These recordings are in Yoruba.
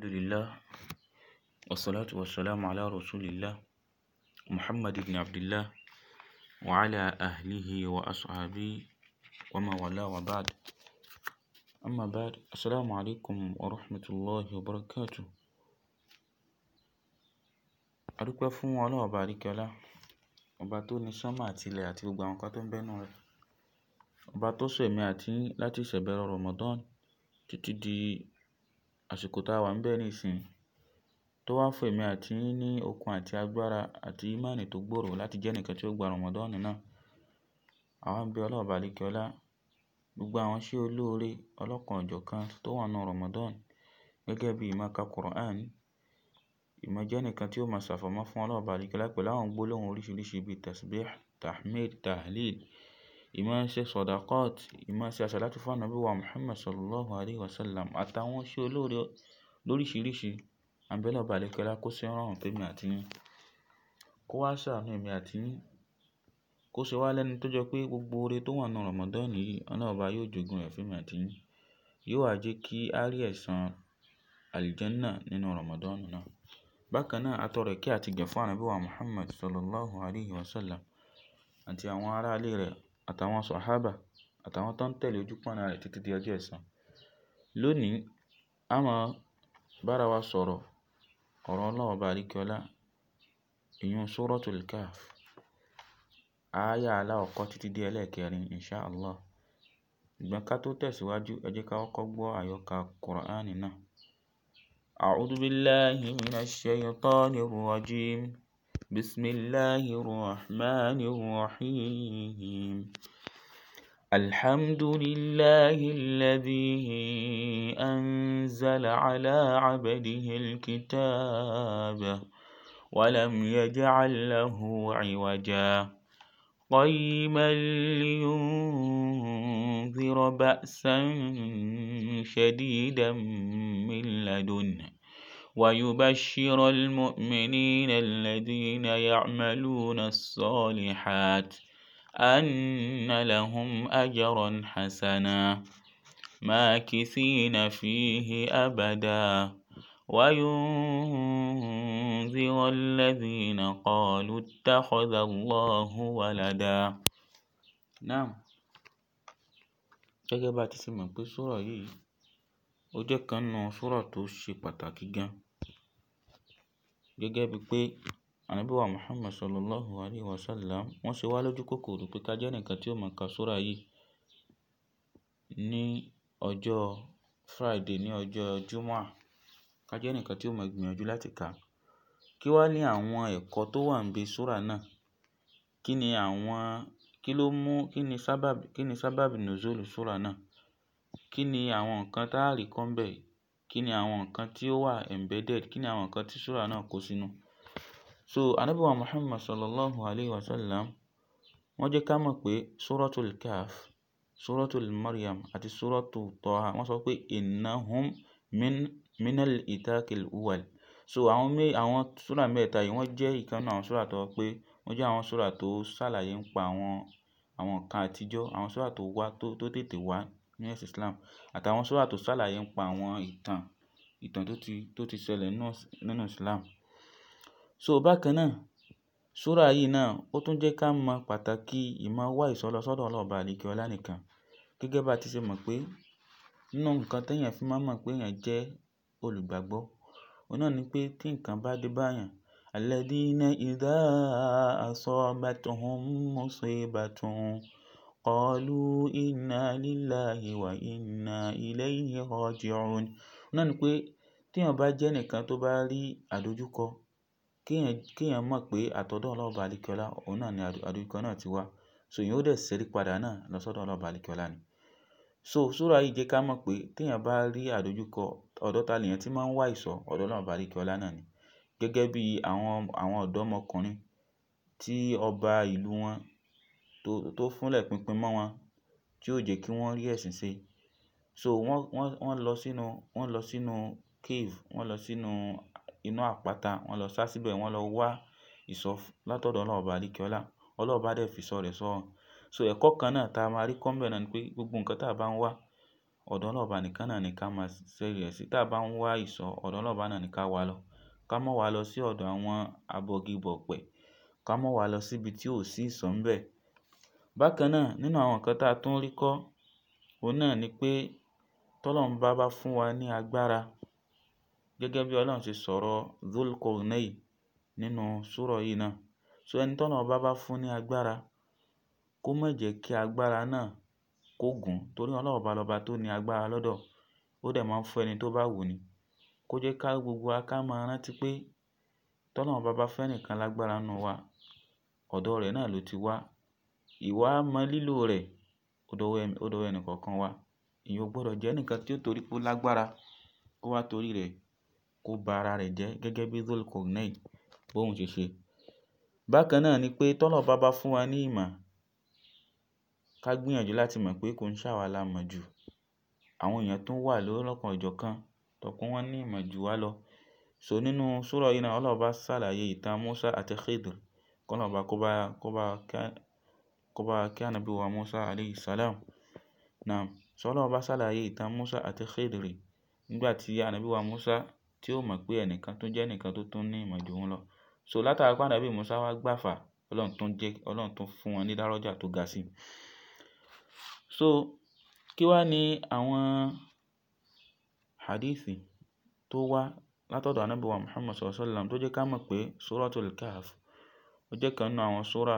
Alhamdulillah, wassalatu wassalamu ala rasulillah, Muhammad ibn Abdullah wa ala ahlihi wa ashabihi wa man wala wa ba'd. Amma ba'd, assalamu alaikum wa rahmatullahi wa barakatuh. A dúpẹ́ fún Ọlọ́run ọba àríkẹ́ọlá, ọba tó ní sánmà àti ilẹ̀ àti gbogbo àwọn nǹkan tó ń bẹ nínú rẹ̀. Ọba tó so èmi àti yín láti ìṣẹ̀bẹ̀rẹ̀ Ramadan títí di àsìkò tá a wà níbẹ̀ nísìnyí tó wá fún èmi àti yín ní okun àti agbára àti ímánì tó gbòòrò láti jẹ́ ẹnìkan tí ó gba Ramadan náà. Àwa ń bẹ Ọlọ́run ọba àlékiọlá gbogbo àwọn iṣẹ́ olóore ọlọ́kan ò tó wà nínú Ramadan gẹ́gẹ́ bí ìmọ̀ ka Quran, ìmọ̀ jẹ́ ẹnìkan tí ó máa ṣàfọ̀mọ́ fún Ọlọ́run ọba àlékiọlá pẹ̀lú àwọn gbólóhùn oríṣiríṣi bíi tasbih, tahmid, tahlil ìmọ̀ ṣe sọ̀dákọ̀t, ìmọ̀ ṣe àsàlátú fún ànábì wa Muhammad Sallallahu Alaihi Wasallam àtàwọn iṣẹ́ olóore lóríṣiríṣi. Àńbẹ́lọ̀ ọba àlékiọlá kó ṣe rọrùn fún èmi àti yín. Kó wá ṣàánú èmi àti yín. Kó ṣe wá lẹ́ni tó jẹ́ pé gbogbo oore tó wà nínú Ramadan yìí, Ọlọ́run ọba yóò jogún rẹ̀ fún èmi àti yín. Yóò wá jẹ́ kí a rí ẹ̀san àlìjannah nínú Ramadan náà. Bákan náà, a tọrọ àti ìgẹ̀ fún ànábì wa Muhammad Sallallahu Alaihi Wasallam àti àwọn ará rẹ̀ àtàwọn sàhábà àtàwọn tó ń tẹ̀lé ojúpọ́nà rẹ̀ títí di ọjọ́ ẹ̀san. Lónìí, a máa bára wa sọ̀rọ̀ ọ̀rọ̀ Ọlọ́run Ọba àlékiọlá, ìyun Suratul Kahf, ááyà aláàkọ́kọ́ títí dé ẹlẹ́ẹ̀kẹrin Insha Allah. Ṣùgbọ́n ká tó tẹ̀síwájú, ẹ jẹ́ ká kọ́kọ́ gbọ́ àyọkà Kùránì náà. A'udhu billahi minash shaytanir rajim. بسم الله الرحمن الرحيم الحمد لله الذي أنزل على عبده الكتاب ولم يجعل له عوجا قيما لينذر بأسا شديدا من لدنه ويبشر المؤمنين الذين يعملون الصالحات أن لهم أجرا حسنا ماكثين فيه أبدا وينذر الذين قالوا اتخذ الله ولدا نعم gẹ́gẹ́ bá ti ṣe mọ̀ pé yìí ó jẹ́ kan sùúrà tó ṣe pàtàkì gan-an gẹ́gẹ́ bíi pé Ànábì wa Muhammad Sallallahu Alaihi Wasallam wọ́n ṣe wá lójú kòkòrò pé ká jẹ́ ẹnìkan tí ó máa ka súrà yìí ní ọjọ́ Friday ní ọjọ́ Jum'ah ká jẹ́ ẹnìkan tí ó máa gbìyànjú láti kà á. Kí wá ní àwọn ẹ̀kọ́ tó wà níbi súrà náà? Kí ni àwọn, kí ló mú, kí ni sábàbí, kí ni sábàbí nùzúlù súrà náà? Kí ni àwọn nǹkan tá á rí kọ́ ńbẹ̀? kí ni àwọn nǹkan tí ó wà embedded, kí ni àwọn nǹkan tí súrà náà kó sínú. So Ànábì wa Muhammad Sallallahu Alaihi Wasallam wọ́n jẹ́ ká mọ̀ pé Suratul Kahf, Suratul Maryam àti Suratu Taha wọ́n sọ pé innahum min, minal uwal. So àwọn mé, àwọn súrà mẹ́tẹ̀ẹ̀ta yìí wọ́n jẹ́ ìkan nínú àwọn súrà tó jẹ́ pé wọ́n jẹ́ àwọn súrà tó ṣàlàyé nípa àwọn, àwọn nǹkan àtijọ́, àwọn súrà tó wá, tó, tó tètè wá ní Islam àtàwọn súrà tó ṣàlàyé ń pa àwọn ìtàn, ìtàn tó ti, tó ti ṣẹlẹ̀ nínú, Islam. So bákan náà, súrà yìí náà ó tún jẹ́ ká mọ pàtàkì ìmọ̀ wá ìsọ́ lọ sọ́dọ̀ Ọlọ́run ọba àlekè ọlá nìkan. Gẹ́gẹ́ bí a ti ṣe mọ̀ pé nínú nǹkan tí èèyàn fi máa ń mọ̀ pé jẹ́ olùgbàgbọ́, òun náà ni pé tí nǹkan bá dé bá èèyàn, "Alladhina idha asabathumu musibatun Qalu inna lillahi wa inna ilayhi raji'un. Náà ni pé tí èèyàn bá jẹ́ ẹnìkan tó bá rí àdojúkọ, kí èèyàn, kí èèyàn mọ̀ pé àtọ̀dọ́ Ọlọ́run Ọba àlekíọ́lá, òun náà ni àdojúkọ náà ti wá. So èèyàn ó dẹ̀ ṣẹ́rí padà náà lọ sọ́dọ̀ Ọlọ́run Ọba àlekíọ́lá ni. So súrà yìí jẹ́ ká mọ̀ pé tí bá rí àdojúkọ, ọ̀dọ̀ ta lèyàn tí máa ń wá ìsọ̀, ọ̀dọ̀ Ọlọ́run Ọba náà ni. Gẹ́gẹ́ bí àwọn, àwọn ọ̀dọ́mọkùnrin tí ọba ìlú wọn tó, tó fúnlẹ̀ pinpin mọ́ wọn tí ò jẹ́ kí wọ́n rí ẹ̀sìn ṣe. So wọ́n, wọ́n, wọ́n lọ sínú, wọ́n lọ sínú cave, wọ́n lọ sínú inú àpáta, wọ́n lọ sá síbẹ̀, wọ́n lọ wá ìsọ látọ̀dọ̀ Ọlọ́run Ọba àlékiọ́lá. Ọlọ́run Ọba dẹ̀ fi ìsọ̀ rẹ̀ sọ wọn. So ẹ̀kọ́ kan náà ta máa rí kọ́ nbẹ̀ náà ni pé gbogbo nǹkan tí a bá ń wá, ọ̀dọ̀ Ọlọ́run Ọba nìkan náà ni ká máa ṣẹ́rí ẹ̀ sí. Tí a bá ń wá ìsọ̀, ọ̀dọ̀ Ọlọ́run Ọba náà ni ká wá lọ. Ká má wá lọ sí ọ̀dọ̀ àwọn abọgibọ̀pẹ̀. Ká má wá lọ síbi tí ò sí ìsọ̀ ńbẹ̀ Bákan náà nínú àwọn nǹkan tá tún rí kọ́ òhun náà ni pé tọ́lọ́run bá bá fún wa ní agbára gẹ́gẹ́ bí Ọlọ́run ṣe sọ̀rọ̀ Dhul-Qurnayn nínú súrà yìí náà. So ẹni tọ́lọ́run bá bá fún ní agbára kó má jẹ́ kí agbára náà kó gùn torí Ọlọ́run ọba lọba tó ní agbára lọ́dọ̀, ó dẹ̀ máa ń fún ẹni tó bá wù ú ni. Kó jẹ́ kí gbogbo wa ká máa rántí pé tọ́lọ́run bá bá fẹ́nìkan lágbára nínú wa, ọ̀dọ̀ rẹ̀ náà ló ti wá Ìwà mọ lílò rẹ̀ ó dọwọ́ ẹni kọ̀ọ̀kan wa. Èèyàn ò gbọdọ̀ jẹ́ ẹnìkan tí ó torí pé ó lágbára kó wá torí rẹ̀ kó ba ara rẹ̀ jẹ́ gẹ́gẹ́ bí Dhul-Qurnayn bó ṣe ṣe. Bákan náà ni pé tí Ọlọ́run bá bá fún wa ní ìmọ̀, ká gbìyànjú láti mọ̀ pé kò ń ṣàwà la mọ̀ jù. Àwọn èèyàn tún wà lọ́lọ́kan ọ̀jọ̀kan tó pé wọ́n ní ìmọ̀ ju wa lọ. So nínú súrà yìí náà Ọlọ́run ṣàlàyé ìtàn Musa àti Khidr. Kọ́ kó bá, kó bá ká kó bá wa kí ànábì wa Musa alayhi salam. Naam. So Ọlọ́run bá ṣàlàyé ìtàn Musa àti Khidri nígbà tí ànábì wa Musa tí ò mọ̀ pé ẹnìkan tó jẹ́ ẹnìkan tó tún ní ìmọ̀ jù So látara pé ànábì Musa wá gbàfà, Ọlọ́run tún jẹ́, Ọlọ́run tún fún wọn ní dárọ́jà tó ga sí i. So kí wá ni àwọn hadithi tó wá látọ̀dọ̀ ànábì wa Muhammad sallallahu alayhi tó jẹ́ ká mọ̀ pé Suratul Kahf ó jẹ́ ìkan nínú àwọn súrà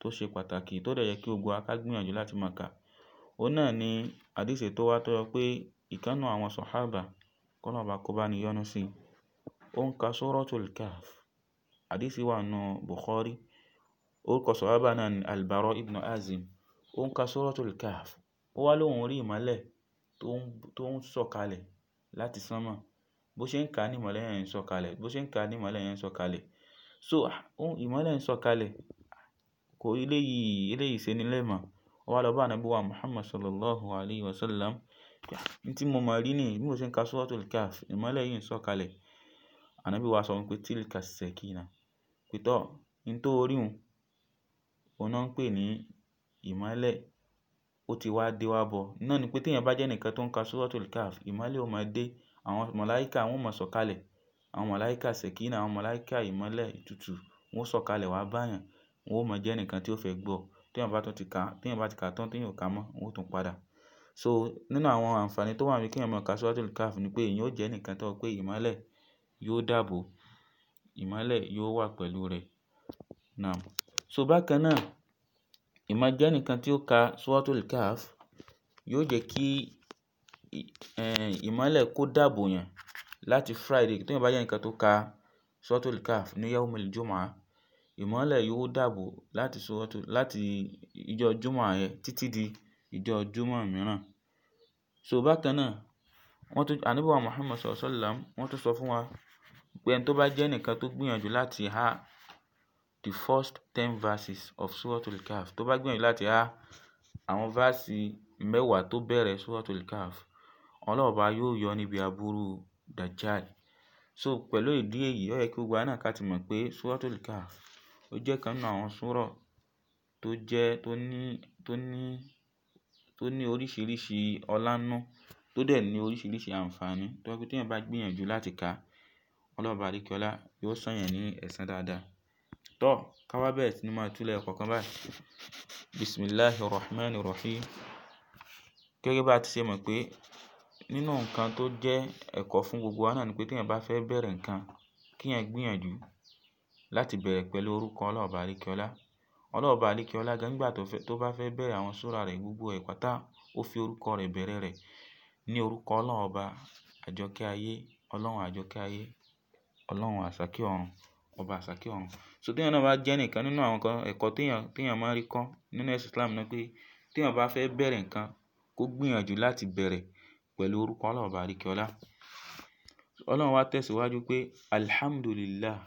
tó ṣe pàtàkì tó dẹ̀ yẹ kí gbogbo wa ká gbìyànjú láti máa kà. Òun náà ni hàdíìsì tó wá tó sọ pé ìkan nínú àwọn sàhábà kọ́lọ́run Ọba kó bá ni yọ́nú sí i, ó ń ka Suratul Kahf. Hàdíìsì wà nínú Bukhari. Orúkọ sàhábà náà ni al ibn Azib. Ó ń ka Suratul Kahf. Ó wá lóhùn rí ìmọ́lẹ̀ tó ń, sọ̀kalẹ̀ láti sánmọ̀. Bó ṣe ń kà á ni ìmọ́lẹ̀ yẹn ń sọ̀kalẹ̀, bó ṣe ń kà á ni ìmọ́lẹ̀ yẹn ń sọ̀kalẹ̀. So, ìmọ́lẹ̀ ń sọ̀kalẹ̀ kò eléyìí, eléyìí ṣe ni lẹ́mọ̀. Ó wá lọ bá Ànábì wa Muhammad sallallahu alayhi wa sallam. Ohun tí mo mọ̀ rí nìyí, bí mo ṣe ń ka ìmọ́lẹ̀ yìí ń wa sọ pé "Tilka sakina." Pé tọ́, ohun tó rí hun, òun náà ń pè ní ìmọ́lẹ̀. Ó ti wá dé wá bọ̀. Náà ni pé bá jẹ́ tó ń ka ìmọ́lẹ̀ ó máa dé. Àwọn máa Àwọn àwọn ìmọ́lẹ̀ ó n ó mọ jẹ́ ẹnìkan tí ó fẹ́ gbọ́. Tí èèyàn bá tún ti ka, tí èèyàn bá ti ka tán tí èèyàn ò ka mọ́, n ó tún padà. So nínú àwọn àǹfààní tó wà níbí kí èèyàn máa ka Suratul Kahf ni pé èèyàn ó jẹ́ ẹnìkan tó pé ìmọ́lẹ̀ yóò dàbò, ìmọ́lẹ̀ yóò wà pẹ̀lú rẹ̀. Now, so bákan náà, ìmọ̀ jẹ́ ẹnìkan tí ó ka Suratul Kahf yóò jẹ́ kí, ẹ́, ìmọ́lẹ̀ kó dàbò yàn láti Friday. Tí èèyàn bá jẹ́ ẹnìkan tó ka Suratul Kahf ní Yawmul Jumu'ah Ìmọ́lẹ̀ yóò dàbò láti suratu láti ijọ́ Jímọ̀ yẹn títí di ijọ́ Jímọ̀ mìíràn. So bákan náà, wọ́n tún Ànábì wa Muhammad Sallallahu Alaihi Wasallam wọ́n tún sọ fún wa pé ẹni tó bá jẹ́ ẹnìkan tó gbìyànjú láti há the first ten verses of Suratul Kahf, tó bá gbìyànjú láti há àwọn verse mẹ́wàá tó bẹ̀rẹ̀ Suratul Kahf, Ọlọ́run Ọba yóò yọ níbi aburú Dajjal. So pẹ̀lú ìdí èyí, ó yẹ kí gbogbo wa náà ká ti mọ̀ pé Suratul Kahf ó jẹ́ ìkan nínú àwọn súrà tó jẹ́ tó ní tó ní tó ní oríṣiríṣi ọlá nínú tó dẹ̀ ní oríṣiríṣi àǹfààní tó jẹ́ pé téèyàn bá gbìyànjú láti kà á Ọlọ́run ọba àlékiọlá yóò san èèyàn ní ẹ̀san dáadáa. Tọ́ ká wá bẹ̀rẹ̀ sí ní máa tú lẹ́yọkọ̀ọ̀kan báyìí. Bismillahi Rahmani Rahim. Gẹ́gẹ́ bí a ti ṣe mọ̀ pé nínú nǹkan tó jẹ́ ẹ̀kọ́ fún gbogbo wa náà ni pé téèyàn bá fẹ́ bẹ̀rẹ̀ nǹkan kéèyàn gbìyànjú láti bẹ̀rẹ̀ pẹ̀lú orúkọ Ọlọ́run Ọba àlékíọlá. Ọlọ́run Ọba àlékíọlá gan nígbà tó fẹ́, tó bá fẹ́ bẹ̀rẹ̀ àwọn súrà rẹ̀ gbogbo ẹ̀ pátá, ó fi orúkọ rẹ̀ bẹ̀rẹ̀ rẹ̀ ní orúkọ Ọlọ́run Ọba àjọkẹ́ ayé, Ọlọ́run àjọkẹ́ ayé, Ọlọ́run àsàkẹ́ ọ̀run, Ọba àsàkẹ́ ọ̀run. So tí náà bá jẹ́ ẹnìkan nínú àwọn nǹkan ẹ̀kọ́ tí èèyàn, máa ń rí kọ́ nínú ẹ̀sìn Islam ni pé tí èèyàn bá fẹ́ bẹ̀rẹ̀ nǹkan, kó gbìyànjú láti bẹ̀rẹ̀ pẹ̀lú orúkọ Ọlọ́run Ọba Ọlọ́run wá tẹ̀síwájú pé "Alhamdulillah".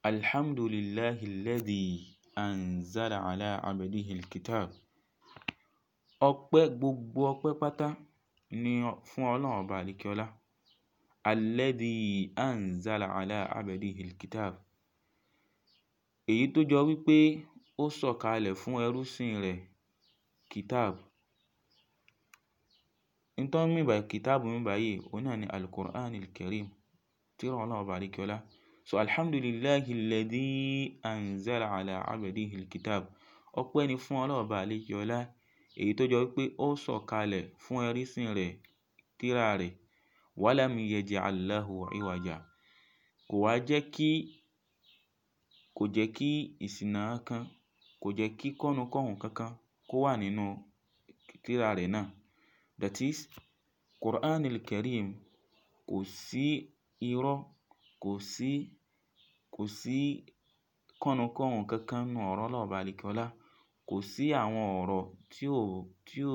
الحمد لله الذي anzala ala abdihi alkitab ọpẹ́ gbogbo ọpẹ́ pátá ni fún ọlọ́run ọba àlekíọlá alladhi anzala ala abdihi alkitab èyí tó jọ wípé ó sọ̀kalẹ̀ fún ẹrúsìn rẹ̀ kitab ntọ́ mìbà kitab mìbà yìí òun náà ni alukur'an alkarim tí ọlọ́run ọba àlekíọlá So alhamdulillahi alladhi anzala ala abdihi alkitab. Ọpẹ́ ni fún Ọlọ́run ọba àlejò ọlá èyí tó jẹ́ wípé ó sọ̀kalẹ̀ fún ẹrísìn rẹ̀, tírà rẹ̀. Walam yaj'al lahu iwaja. Kò wá jẹ́ kí, kò jẹ́ kí ìṣìnà kan, kò jẹ́ kí kọ́nunkọ́hun kankan kó wà nínú tírà rẹ̀ náà. That is Quran al-Karim. Kò sí irọ́, kò sí kò sí kọ́nunkọ́hun kankan nínú ọ̀rọ̀ Ọlọ́run Ọba àlekèọlá. Kò sí àwọn ọ̀rọ̀ tí ò, tí ò,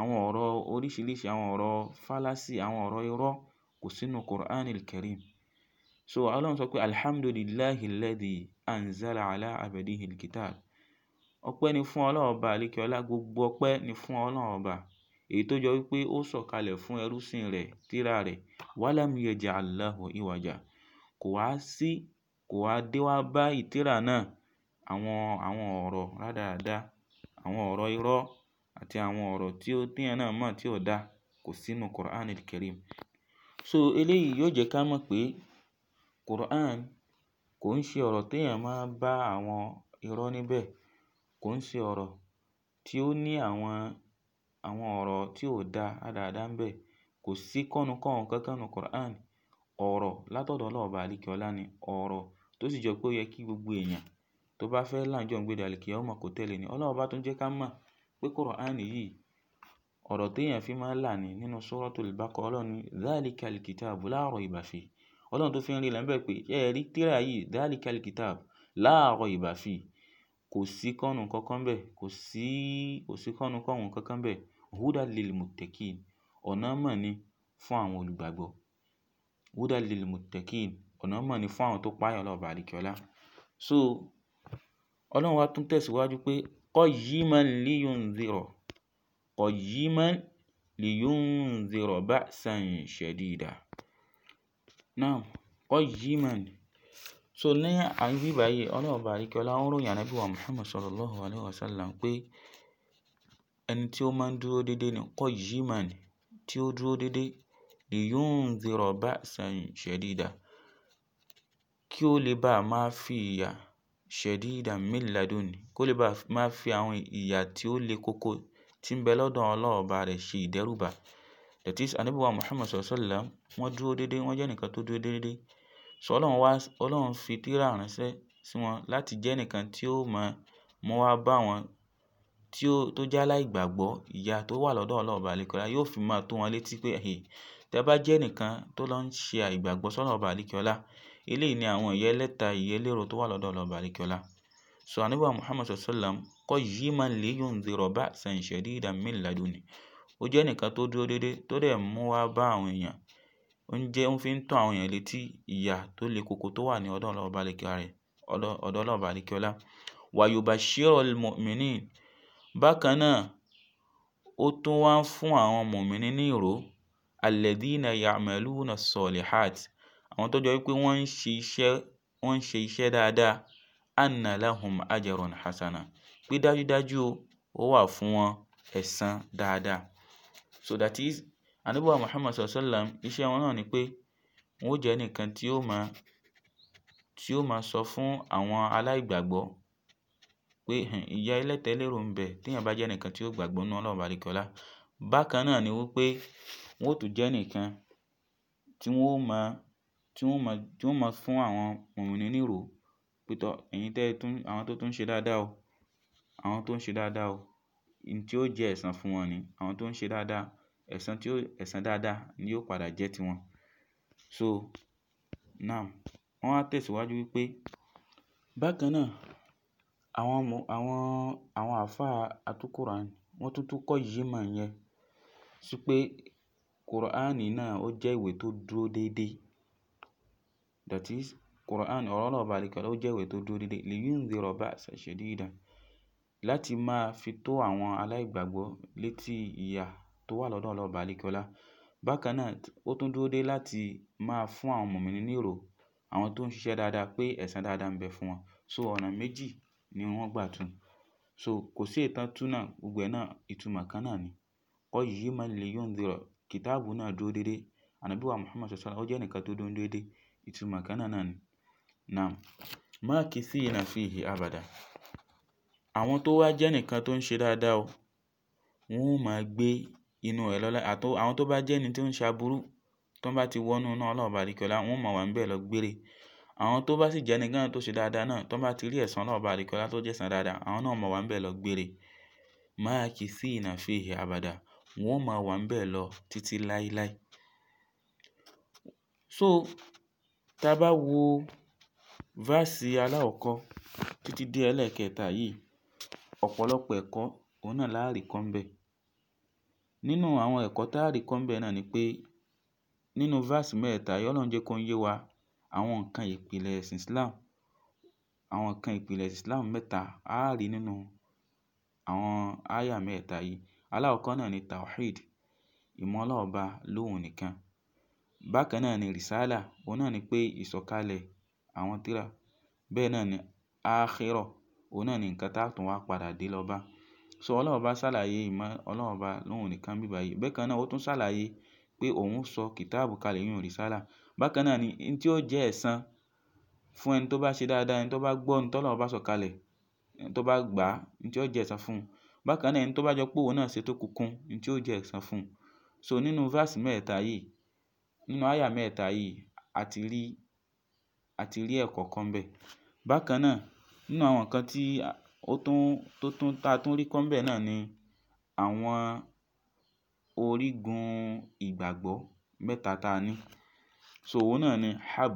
àwọn ọ̀rọ̀ oríṣìíríṣìí, àwọn ọ̀rọ̀ fallacy, àwọn ọ̀rọ̀ irọ́ kò sí nínú Qur'anil Kareem. So Ọlọ́run sọ pé "Alhamdulillahi alladhi anzala ala abdihil kitab". Ọpẹ́ ni fún Ọlọ́run Ọba àlekèọlá, gbogbo ọpẹ́ ni fún Ọlọ́run Ọba. Èyí tó jọ wípé ó sọ̀kalẹ̀ fún ẹrúsìn rẹ̀, tírà rẹ̀. Walam yaj'al lahu iwaja. Kò wá sí kò wá dé wá bá ìtírà náà àwọn, àwọn ọ̀rọ̀ rádaràda, àwọn ọ̀rọ̀ irọ́ àti àwọn ọ̀rọ̀ tí ó téèyàn náà mọ̀ tí ò da kò So eléyìí yóò jẹ́ ká mọ̀ pé Qur'an kò ń ṣe ọ̀rọ̀ téèyàn máa bá àwọn irọ́ níbẹ̀, kò ń ṣe ọ̀rọ̀ tí ó ní àwọn, àwọn ọ̀rọ̀ tí ò da rádaràda ńbẹ̀. Kò sí kọ́nuúkọ́hun kankan nínú Qur'an. Ọ̀rọ̀ látọ̀dọ̀ Ọlọ́run ọba ni, ọ̀rọ̀ tó sì jẹ́ pé ó yẹ kí gbogbo èèyàn tó bá fẹ́ là níjọ́ gbéǹde àlìkìyámọ̀ kó tẹ̀lé ni. Ọlọ́run Ọba tún jẹ́ ká mọ̀ pé Kùránì yìí ọ̀rọ̀ tí èèyàn fi máa ń là ni nínú Suratul Baqarah. Ọlọ́run ní "Dhalikal kitabu la rayba fihi." Ọlọ́run tó fi ń rinlẹ̀ bẹ́ẹ̀ pé ẹ rí tírà yìí "Dhalikal kitabu la rayba fihi." Kò sí kọ́nu kankan bẹ́ẹ̀, kò sí, kò sí kọ́nu kọ́hun kankan bẹ́ẹ̀. Hudan lil muttaqin. Ọ̀nà mọ̀ ni fún àwọn olùgbàgbọ́. Hudan lil muttaqin ọ̀nà mọ̀ ni fún àwọn tó páyà Ọlọ́run ọba àlekèọlá. So Ọlọ́run wá tún tẹ̀síwájú pé "Qayyiman liyundhira, qayyiman liyundhira ba'san shadida." Now qayyiman. So ní ààyè bí báyìí Ọlọ́run ọba àlekèọlá ń ròyìn ànábì wa Muhammad Sallallahu Alaihi Wasallam pé ẹni tí ó máa ń dúró dédé ni qayyiman tí ó dúró dédé liyundhira ba'san shadida kí ó lè bá máa fi ìyà shadidan min ladunni kó lè bá máa fi àwọn ìyà tí ó le koko tí ń bẹ lọ́dọ̀ Ọlọ́run Ọba rẹ̀ ṣe ìdẹ́rùbà. That is Ànábì wa Muhammad Sallallahu Alaihi Wasallam wọ́n dúró dédé, wọ́n jẹ́ ẹnìkan tó dúró dédé. So Ọlọ́run wá, Ọlọ́run fi tírà ránṣẹ́ sí wọn láti jẹ́ ẹnìkan tí ó máa mú wá bá wọn tí ó tó jẹ́ aláìgbàgbọ́ ìyà tó wà lọ́dọ̀ Ọlọ́run Ọba àlekíọ́lá yóò fi máa tó wọn létí pé, "Ẹ̀hẹ̀, tí ẹ bá jẹ́ ẹnìkan tó lọ ń ṣe àìgbàgbọ́ sọ́lọ́run Ọba àlekíọ́lá, Eléyìí ni àwọn ìyẹ́lẹ́ta ìyẹ́lẹ́ro tó wà lọ́dọ̀ Ọlọ́run Ọba àlékiọlá. So ànábì wa Muhammad Sallallahu Alaihi Wasallam Qayyiman liyundhira ba'san shadidan min ladunni. Ó jẹ́ ẹnìkan tó dúró dédé tó dẹ̀ mú wá bá àwọn èèyàn. Ó ń jẹ́, ó fi ń to àwọn èèyàn létí ìyà tó le koko tó wà ní ọ̀dọ̀ Ọlọ́run Ọba àlékiọlá rẹ̀, ọ̀dọ̀, ọ̀dọ̀ Ọlọ́run Bákan náà, ó tún wá ń fún àwọn mọ̀mínì ní ìró. Alladhina ya'maluna as-solihat àwọn tó jẹ́ wí pé wọ́n ń ṣe iṣẹ́ wọ́n ń ṣe iṣẹ́ dáadáa anna lahum ajrun hasanah pé dájúdájú ó wà fún wọn ẹ̀san dáadáa so that is ànábì wa Muhammad sallallahu alayhi wa sallam iṣẹ́ wọn náà ni pé wọn ó jẹ́ ẹnìkan tí yóò máa tí yóò máa sọ fún àwọn aláìgbàgbọ́ pé um ìyà ẹlẹ́tẹ̀ẹ́lérò ń bẹ téèyàn bá jẹ́ ẹnìkan tí ó gbàgbọ́ nínú Ọlọ́run ọba bákan náà ni wí wọn ó tún jẹ́ ẹnìkan tí wọn ó máa tí wọ́n máa, tí wọ́n máa fún àwọn mùmínì nírò pé tọ́ ẹ̀yin tẹ́ ẹ tún, àwọn tó tún ń ṣe dáadáa o, àwọn tó ń ṣe dáadáa o, ohun tí yóò jẹ́ ẹ̀san fún wọn ni. Àwọn tó ń ṣe dáadáa, ẹ̀san tí ó, ẹ̀san dáadáa ni yóò padà jẹ́ tiwọn. So now wọ́n wá tẹ̀síwájú wípé bákan náà àwọn mọ̀, àwọn, àwọn àlfáà atúnkùránì wọ́n tún tún kọ́ yimọ̀ yẹn sí pé Kùránì náà ó jẹ́ ìwé tó dúró déédéé. That is Quran, ọ̀rọ̀ Ọlọ́run ọba àlekè ọlá ó jẹ́ ìwé tó dúró dédé. Liyundhira ba'san shadidan. Láti máa fi tó àwọn aláìgbàgbọ́ létí ìyà tó wà lọ́dọ̀ Ọlọ́run ọba àlekè ọlá. Bákan náà, ó tún dúró dé láti máa fún àwọn mọ̀mínì ní ìró, àwọn tó ń ṣiṣẹ́ dáadáa pé ẹ̀san dáadáa ń bẹ fún wọn. So ọ̀nà méjì ni wọ́n gbà tú. So kò sí èyi tán tú náà, gbogbo ẹ̀ náà ìtumọ̀ kan náà ni. Qayyiman liyundhira. Kìtáàbù náà dúró dédé. Ànábì wa Muhammad Sallallahu Alaihi Wasallam ó jẹ́ ẹnìkan tó dúró dédé. Ìtumọ̀ kan náà ni. Now, má kì sí ìná fi ìhì abada. Àwọn tó wá jẹ́ ẹnìkan tó ń ṣe dáadáa o, wọ́n ó máa gbé inú rẹ̀ lọ́lá. Àtọ̀ àwọn tó bá jẹ́ ẹni tó ń ṣe aburú, tó bá ti wọ inú iná Ọlọ́run obá àlekè ọlá, wọ́n ó máa wà níbẹ̀ lọ gbére. Àwọn tó bá sì jẹ́ ẹnìkan tó ṣe dáadáa náà, tó bá ti rí ẹ̀san Ọlọ́run obá tó jẹ́ ẹ̀san dáadáa, àwọn náà máa wà níbẹ̀ lọ gbére. Má sí ìná fi ìhì abada. Wọ́n ó máa wà níbẹ̀ lọ títí láéláé. So. Tá bá wo verse alákọ̀ọ́kọ́ títí dé ẹlẹ́ẹ̀kẹta yìí, ọ̀pọ̀lọpọ̀ ẹ̀kọ́ òun náà la á Nínú àwọn ẹ̀kọ́ tá a rí kọ́ náà ni pé nínú verse mẹ́tẹ̀ẹ̀ta yìí Ọlọ́run jẹ́ kó yé wa àwọn nǹkan ìpìlẹ̀ ẹ̀sìn Islam, àwọn nǹkan ìpìlẹ̀ ẹ̀sìn Islam mẹ́ta a nínú àwọn áyà mẹ́tẹ̀ẹ̀ta yìí. Alákọ̀ọ́kọ́ náà ni Tawheed, ìmọ̀ Ọlọ́run Ọba lóhùn nìkan. Bákan náà ni Risala, òun náà ni pé ìsọ̀kalẹ̀ àwọn tírà. Bẹ́ẹ̀ náà ni Akhirah, òun náà ni nǹkan tí a tún wá padà dé lọ bá. So Ọlọ́run Ọba ṣàlàyé ìmọ̀ Ọlọ́run Ọba lóhùn nìkan n bí báyìí. Bákan náà ó tún ṣàlàyé pé òun sọ kìtàbù kalẹ̀ iyun Risala. Bákan náà ni n tí ó jẹ́ ẹ̀san fún ẹni tó bá ṣe dáadáa, ẹni tó bá gbọ́ ohun tí Ọlọ́run Ọba sọ̀kalẹ̀, ẹni tó bá gbà á, n tí ó jẹ́ ẹ̀san fún un. Bákan náà ẹni tó bá jọ pé òun náà ṣe tó kúnkún, n tí ó jẹ́ ẹ̀san fún un. So nínú verse mẹ́tẹ́ẹ̀ta yìí. Nínú ááyà mẹ́tẹ́ẹ̀ta yìí, a ti rí, a ti rí ẹ̀kọ́ kọ́ ń bẹ. Bákan náà, nínú àwọn nǹkan tí ó tún, tó tún, a, tún rí kọ́ ń bẹ náà ni àwọn orígun ìgbàgbọ́ mẹ́ta a ní. So òun náà ni Hab,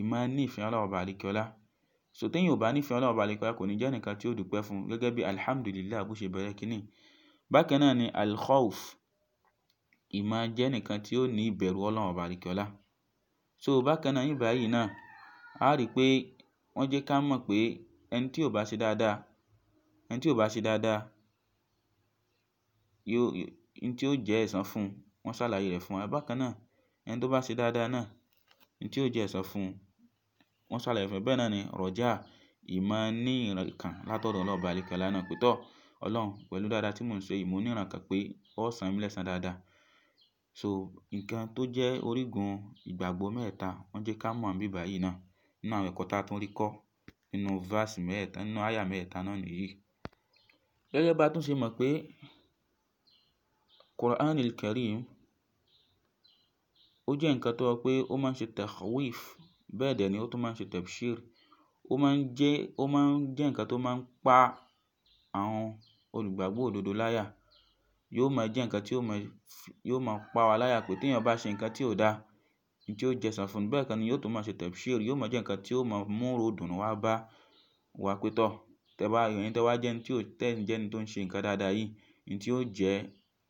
ìmọ̀ ní ìfẹ́ Ọlọ́run Ọba àlekíọ́lá. So tí èèyàn ò bá ní ìfẹ́ Ọlọ́run Ọba àlekíọ́lá kò ní jẹ́ ǹkan tí ó dùpẹ́ fún gẹ́gẹ́ bí Alhamdulillah bó ṣe bẹ̀rẹ̀ kíní. Bákan náà ni Al-Khawf. ìmọ̀ jẹ́ nìkan tí ó ní ìbẹ̀rù Ọlọ́run ọba àlekèọlá. So bákan náà ní báyìí náà, a rí pé wọ́n jẹ́ ká mọ̀ pé ẹni tí ò bá ṣe dáadáa, ẹni tí ò bá ṣe dáadáa yóò, n tí yóò jẹ́ ẹ̀san fún un, wọ́n ṣàlàyé rẹ̀ fún wa. Bákan náà, ẹni tó bá ṣe dáadáa náà, n tí yóò jẹ́ ẹ̀san fún un, wọ́n ṣàlàyé fún wa. Bẹ́ẹ̀ náà So nǹkan tó jẹ́ orígun ìgbàgbọ́ mẹ́tẹ̀ẹ̀ta wọ́n jẹ́ ká mọ̀ ní ibí báyìí náà nínú àwọn ẹ̀kọ́ tí a tún rí kọ́ nínú verse mẹ́tẹ̀ẹ̀ta, nínú aya mẹ́tẹ̀ẹ̀ta náà nìyí. Gẹ́gẹ́ bá tún ṣe mọ̀ pé Qur'anil Kareem ó jẹ́ ǹkan tó jẹ́ pé ó máa ń ṣe takhwif, bẹ́ẹ̀ dẹ̀ ni ó tún máa ń ṣe tabshir. Ó máa ń jẹ́, ó máa ń jẹ́ ǹkan tó máa ń pa àwọn olùgbàgbọ́ òdodo láyà yóò máa jẹ́ nǹkan tí yóò máa, yóò máa pá wa láyà pé téèyàn bá ṣe nǹkan tí ò dáa ohun tí yóò jẹ̀san fún un ni. Bẹ́ẹ̀ kọ́ ni yóò tún máa ṣe tẹ̀fsíìrì, yóò máa jẹ́ nǹkan tí yóò máa mú ìrò ìdùnnú wá bá wa pé tọ̀ tẹ bá, ẹ̀yin tẹ wá jẹ́ ẹni tí ò, tẹ́ ẹ̀ ń jẹ́ ẹni tó ń ṣe nǹkan dáadáa yìí ohun tí yóò jẹ́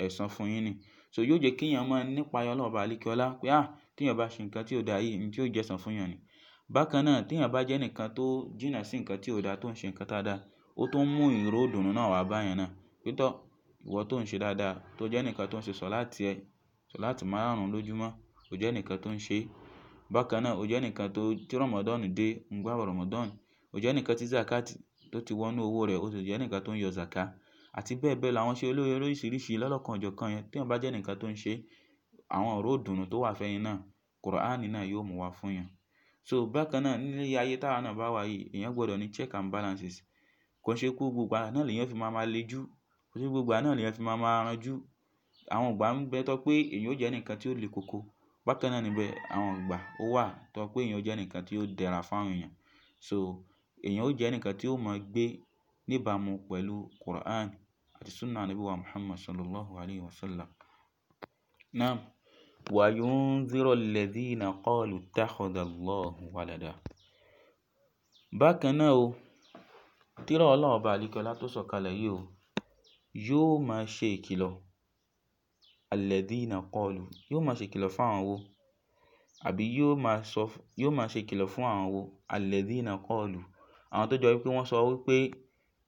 ẹ̀san fún yín ni. So yóò jẹ́ kéèyàn máa nípayà Ọlọ́run ọba alékeọlá pé háà ah, téèyàn bá ṣe nǹkan tí ò dáa yìí ohun tí yóò jẹ̀san fún èèyàn ni. Bákan náà téèyàn bá jẹ́ ẹnìkan tó jìnnà sí nǹkan tí ò dáa, tó ń ṣe nǹkan dáadáa ó tún ń mú ìró ìdùnnú náà wá bá náà pé tọ̀ Ìwọ tó ń ṣe dáadáa, tó jẹ́ ẹnìkan tó ń ṣe sọ̀láàtì ẹ, sọ̀láàtì márùn-ún lójúmọ́, o jẹ́ ẹnìkan tó ń ṣe. Bákan náà, o jẹ́ ẹnìkan tó tí Ramadan dé, ń gbá awẹ Ramadan. O jẹ́ ẹnìkan tí zakat tó ti wọ inú owó rẹ̀, o sì jẹ́ ẹnìkan tó ń yọ zakat. Àti bẹ́ẹ̀ bẹ́ẹ̀ lọ àwọn iṣẹ́ olóore lóríṣiríṣi lọ́lọ́kan ọ̀jọ̀kan yẹn. Tí bá jẹ́ ẹnìkan tó ń ṣe, àwọn ọ̀rọ̀ ìdùnnú tó wà fẹ́yìn náà, Qur'ani náà yóò mú wá fún yan. So bákan náà nílé ayé táwa náà bá wà yìí, èèyàn gbọdọ̀ ní check and balances. Kò ṣe pe gbogbo igba náà lèyàn fi máa ma le jù. Kò ṣe gbogbo ìgbà náà ni èèyàn fi máa máa ránjú. Àwọn ìgbà ń bẹ tó pé èèyàn ó jẹ́ ẹnìkan tí ó le koko. Bákan náà níbẹ̀ àwọn ìgbà ó wà tó pé èèyàn ó jẹ́ ẹnìkan tí ó dẹra fún èèyàn. So èèyàn ó jẹ́ ẹnìkan tí ó mọ gbé níbàámu pẹ̀lú Quran àti Sunnah Nabi wa Muhammad Sallallahu Alaihi Wasallam. Naam. Wa yunziru alladhina qalu ittakhadha Allahu walada. Bákan náà o, tírà Ọlọ́run Ọba àlékiọlá tó sọ̀kalẹ̀ yìí o, yóò máa ṣe ìkìlọ̀. Alladhina qalu yóò máa ṣe ìkìlọ̀ fún àwọn wo? Àbí yóò máa sọ, yóò máa ṣe ìkìlọ̀ fún àwọn wo? Alladhina qalu àwọn tó jọ wípé wọ́n sọ wípé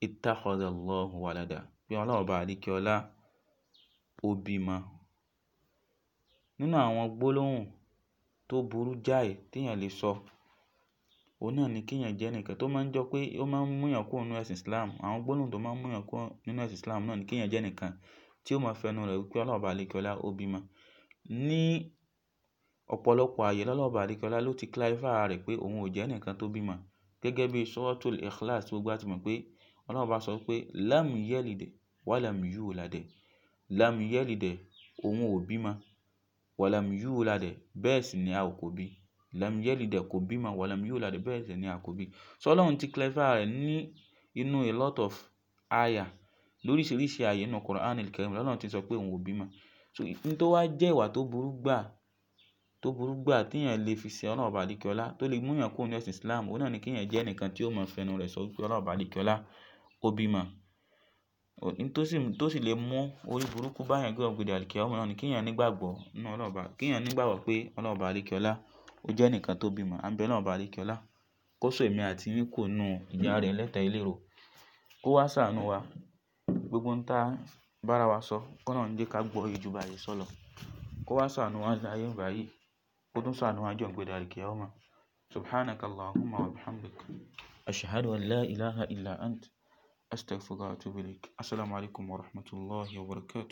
ittakhadallahu walada pé Ọlọ́run ọba àlékè ọlá ó bímọ. Nínú àwọn gbólóhùn tó burú jáì tí èèyàn lè sọ òun náà ni kí èèyàn jẹ́ ẹnìkan tó máa ń jọ pé ó máa ń mú kúrò nínú ẹ̀sìn Islam. Àwọn gbólóhùn tó máa ń mú èèyàn kúrò nínú ẹ̀sìn Islam náà ni kí èèyàn jẹ́ ẹnìkan tí ó máa fẹnu rẹ̀ wípé Ọlọ́run Ọba àlékiọlá ó bímọ. Ní ọ̀pọ̀lọpọ̀ ààyè lỌ́lọ́run Ọba àlékiọlá ló ti clarify rẹ̀ pé òun ò jẹ́ ẹnìkan tó bímọ. Gẹ́gẹ́ bí Suratul Ikhlas gbogbo wa mọ̀ pé Ọlọ́run sọ "Lam yalid wa lam yulad". Lam yalid, òun ò bímọ. Wa lam yulad, bẹ́ẹ̀ ni a ò Lam yalid kò bímo wa lam yulad bẹ́ẹ̀ ni a kò So Ọlọ́run ti clarify rẹ̀ ní inú a lot of ayah. Lóríṣiríṣi ààyè nínú Quran Al-Karim Ọlọ́run ti sọ pé òun ò bímo. So ohun tó wá jẹ́ ìwà tó burú gbà, tó burú gbà tí èèyàn lè fi ṣe Ọlọ́run Ọba àlekíọ́lá, tó lè mú kúrò nínú ẹ̀sìn Islam, òun náà ni kí èèyàn jẹ́ ẹnìkan tí ó mọ fẹnu rẹ̀ sọ wípé Ọlọ́run Ọba àlekíọ́lá ó bímo. Ohun tó sì, tó sì lè mú orí burúkú bá èèyàn ní ọjọ́ náà ni kí èèyàn nígbàgbọ́ nínú Ọlọ́run Ọba, kí èèyàn nígbàgbọ́ pé Ọlọ́run Ọba àlekíọ́lá ó jẹ́ ẹnìkan tó bímọ. À ń bẹ Ọlọ́run ọba àlékiọlá kó so èmi àti yín kúrò nínú ìyá rẹ̀ ẹlẹ́tẹ̀ eléro. Kó wá ṣàánú wa. Gbogbo ohun táa bá ara wa sọ, kó Ọlọ́run jẹ́ ká gbọ́ ye ju bá ṣe sọ lọ. Kó wá ṣàánú wa láyé ń Kó tún ṣàánú wa nijọ́ gbénde al-qiyamah. Subhanaka Allahumma wa bihamdik. Ashhadu an la ilaha illa ant. Astaghfiruka wa atubu ilaik. Assalamu alaikum wa rahmatullahi wa